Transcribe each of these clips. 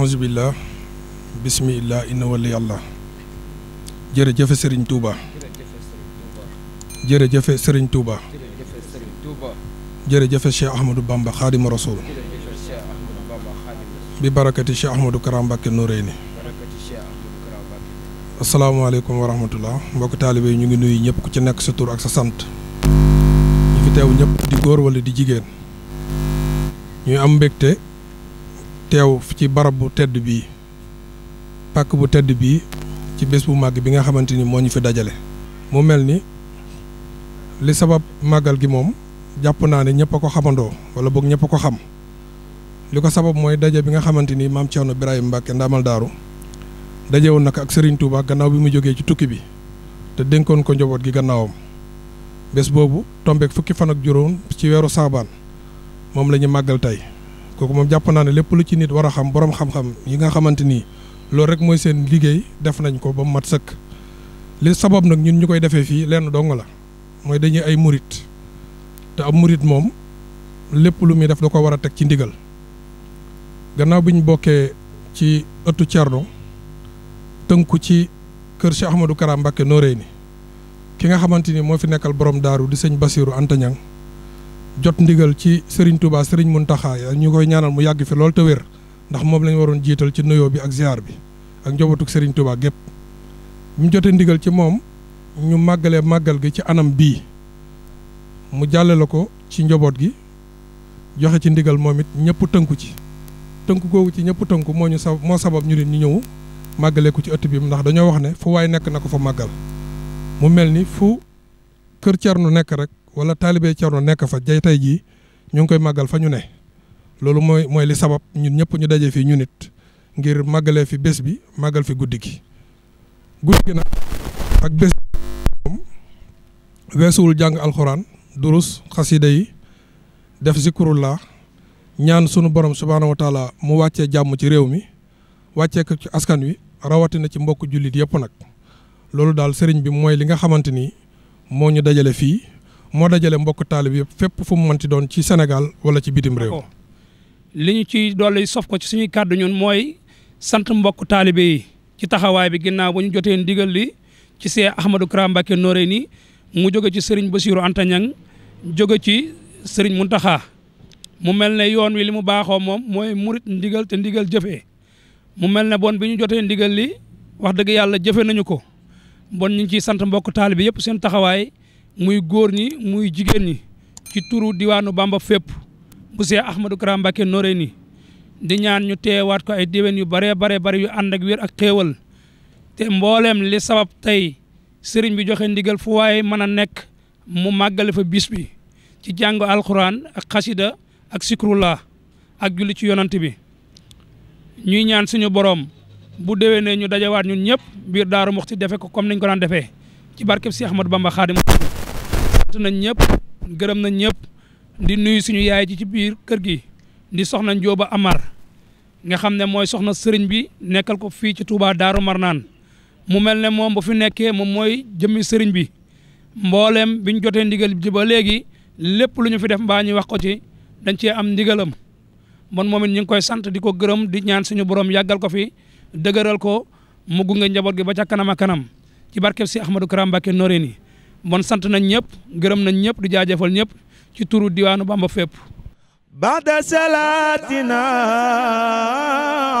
ahousubillah bisimillah inna wali sëriñ tuuba jërëjëfe sëriñ tuuba jërëjëfe cheikh ahmadou bamba xaadima rasul bi barakati cheikh ahmadou mbokk taalibe ñu ngi nuyu ñëpp ku ci nekk sa tur ak sa sant ñu fi teew ñëpp di góor wala di jigéen ñuy am mbégte teew ci barab bu tedd bii pàkk bu tedd bii ci bés bu màgg bi nga xamante ni moo ñu fi dajale. mu mel ni li sabab màggal gi moom jàpp naa ne ñëpp a ko xamandoo wala boog ñëpp a ko xam li ko sabab mooy daje bi nga xamante ni maam Thierno Birahim Mbacke ndaamal daaru daje woon nag ak sëriñ Touba gannaaw bi mu jógee ci tukki bi te dénkoon ko njaboot gi gannaawam bés boobu tombeek fukki fan ak juróom ci weeru saabaan moom lañuy màggal tey. kooku moom jàpp naa ne lépp lu ci nit war a xam borom xam-xam yi nga xamante ni loolu rek mooy seen liggéey def nañ ko ba mu mat sëkk li sabab nag ñun ñu koy defee fii lenn dong la mooy dañuy ay murit te ab murit moom lépp lu muy def da ko war a teg ci ndigal gannaaw bi ñu bokkee ci ëttu Cerno tënku ci kër Cheikh Ahmadou Kara Mbacké Noreyni ki nga xamante ni moo fi nekkal borom daaru di sëñ Basiru Antañang jot ndigal ci Serigne Touba Serigne ak ñu koy ñaanal mu yàgg fi loolu te wér ndax moom lañu waroon jiital ci nuyoo bi ak ziar bi ak njobootuk sëriñ Touba gépp mu jotee ndigal ci moom ñu màggale màggal gi ci anam bii mu jàllale ko ci njaboot gi joxe ci ndigal moom it ñëpp tënku ci tënku googu ci ñëpp tënku moo ñu sa moo sabab ñu ne ñu ñëw màggalee ko ci ëtt bi ndax dañoo wax ne fu waaye nekk na ko fa màggal mu mel ni fu kër Cerno nekk rek. wala taalibe Cerno nekk fa jay tey jii ñu ngi koy màggal fa ñu ne loolu mooy mooy li sabab ñun ñëpp ñu daje fii ñu nit ngir màggale fi bés bi màggal fi guddi gi guddi gi nag ak bés moom weesuwul jàng alxuraan durus xasida yi def zikurullah ñaan sunu borom subhaanahu wa mu wàccee jàmm ci réew mi wàccee ko ci askan wi rawatina ci mbokk jullit yëpp nag loolu daal sëriñ bi mooy li nga xamante ni moo ñu dajale fii moo dajale mbokk taalib yëpp fépp fu mu mënti doon ci senegal wala ci bitim réew. li ñu ciy dolli sof ko ci suñuy kàddu ñun mooy sant mbokk taalibe yi ci taxawaay bi ginnaaw ba ñu jotee ndigal li ci see Ahmadou Kara Mbacké Noreyni mu jóge ci Serigne Bassirou Anta Niang jóge ci Serigne Mountakha mu mel ne yoon wi li mu baaxoo moom mooy murit ndigal ndigal jëfee mu mel ne bon bi ñu jotee ndigal li wax dëgg yàlla jëfe nañu ko bon ñu ciy sant mbokk taalibe yëpp seen taxawaay. muy góor ñi muy jigéen ñi ci turu diwaanu Bamba fépp bu see Ahmadou Kara Mbacké ni di ñaan ñu teewaat ko ay déwén yu baree baree bari yu ànd ak wér ak xéewal te mbooleem li sabab tey sëriñ bi joxe ndigal fu waaye mën a nekk mu màggale fa bis bi ci jàng alxuraan ak xasida ak sikrullah ak julli ci yonant bi ñuy ñaan suñu boroom bu déwénee ñu dajawaat ñun ñëpp biir daaru muxti defe ko comme nañ ko daan defee ci barkeb si Ahmadu Bamba Xaadim sant nañ ñëpp gërëm na ñëpp di nuyu suñu yaay ji ci biir kër gi di soxna Njóoba Amar nga xam ne mooy soxna sëriñ bi nekkal ko fii ci tuubaa Daaru Marnaan mu mel ne moom bu fi nekkee moom mooy jëmmi sëriñ bi mbooleem biñ jotee ndigal ji ba léegi lépp lu ñu fi def mbaa ñuy wax ko ci dañ cee am ndigalam man moom ñu ngi koy sant di ko gërëm di ñaan suñu borom yàggal ko fi dëgëral ko mu gunge njaboot gi ba ca kanam a kanam ci barkeb si Ahmadou Kara Mbacké Noreyni bon sant nañ ñëpp gërëm nañ ñëpp di jaajëfal ñëpp ci turu diwaanu Bamba fépp ba'da salaatina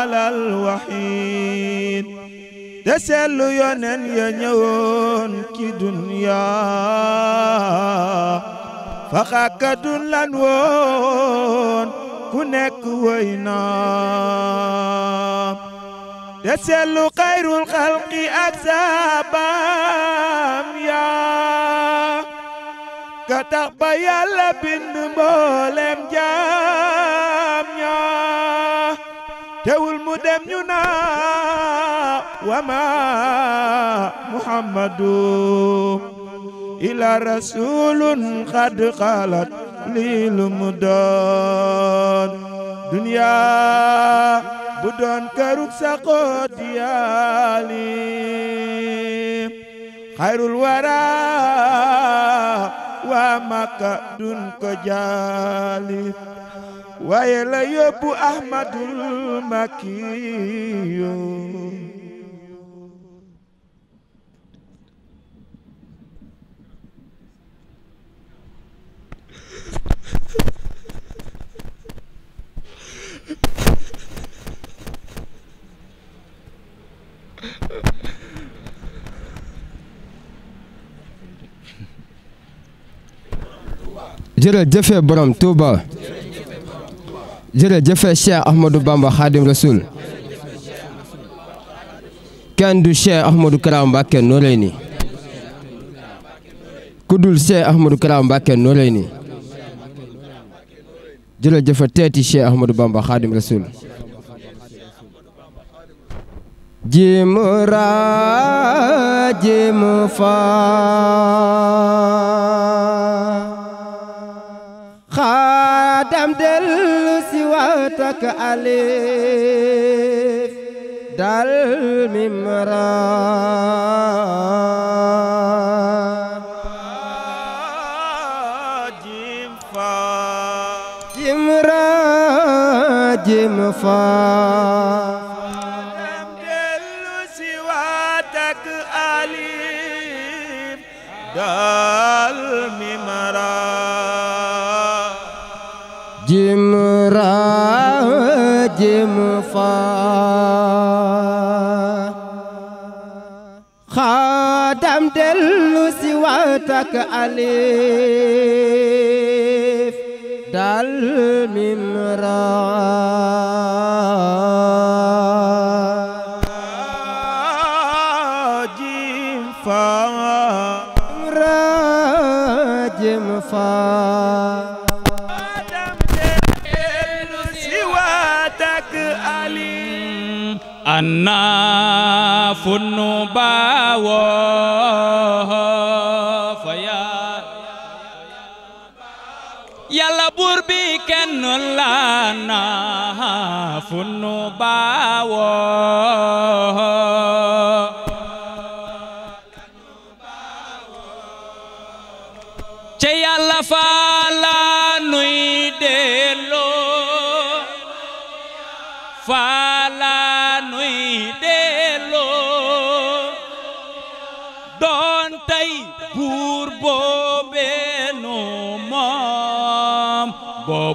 alal waxiid te seetlu yoneen ya ñëwoon ci duniyaa faxakadun lan woon ku nekk woy يسل خير الخلق أكسابام يا كتب يلا بن مولم جام يا تول مدم ينا وما محمد إلى رسول قد خلت للمدان دنيا bu doon kërug saxoo diyaali xayrul wara waa Makka dun ko jaali waaye la yóbbu Ahmadul Makkiyu jërëjëfe borom Touba jërëjëfe Cheikh Ahmadou Bamba Khadim Rasoul kenn du Cheikh Ahmadou Kara Mbacké Noreyni ku dul Cheikh Ahmadou Kara Mbacké Noreyni jërëjëfe teeti Cheikh Ahmadou Bamba Khadim Rasoul jim ra fa am dellu si waat ak alif dal mim ra jim fa ذاك أليف دال ميم را جيم فا را جيم فا أنا فنو باوو lana funnu baawoo ca yàlla fa la nuy delloo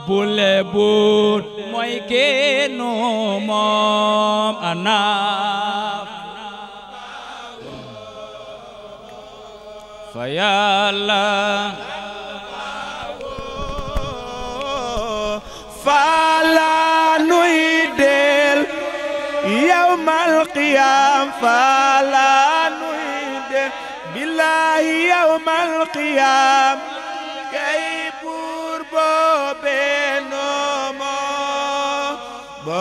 bule buur mooy kii moom anaaf fa yàlla fala nuy del yawmal qiyaam fala nuy del billahi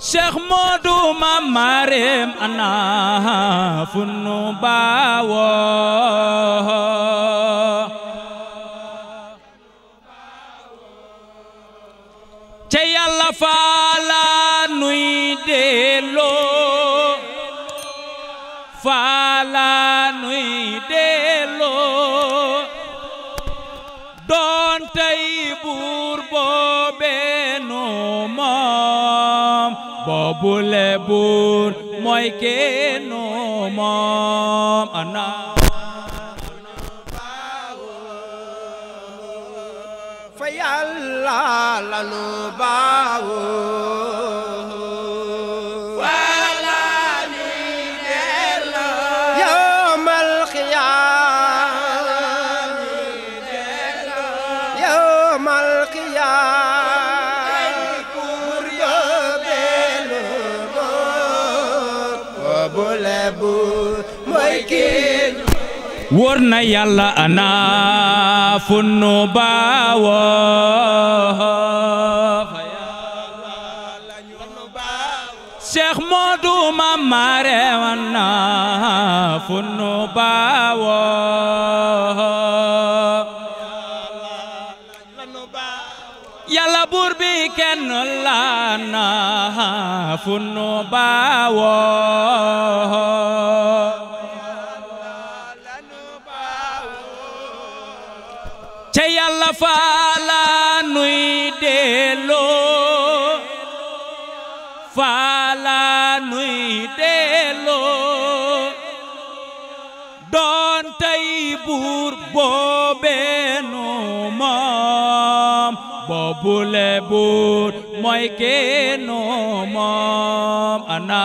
cheikh Modou Mame Maréme ana fu nu baawoo ca yàlla fa la nuy delloo fa la nuy delloo doon tey buur boobee nu moo bule buur mooy keenu moom ana fa yàlla lanu baawu wóor na yàlla ana fu nu baawoo fa yàlla lañu baawoo Cheikh Modou Mamare ana fu nu baawoo yàlla buur kenn la ana fu nu ca yàlla fa la nuy delloo fa nuy delloo doon tey buur boobee nu moom boobule buur mooy keenu moom ana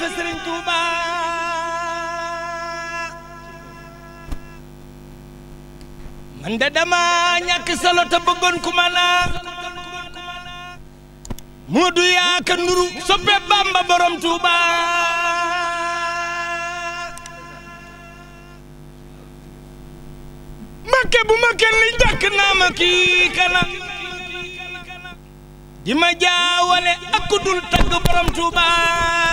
fa sëriñ Touba dama ñàkk solo te bëggoon ku ma yaa ka nuru soppe Bamba borom Touba makke bu ma kenn jàkk naa kii kana di ma jaawale ak ku dul borom Touba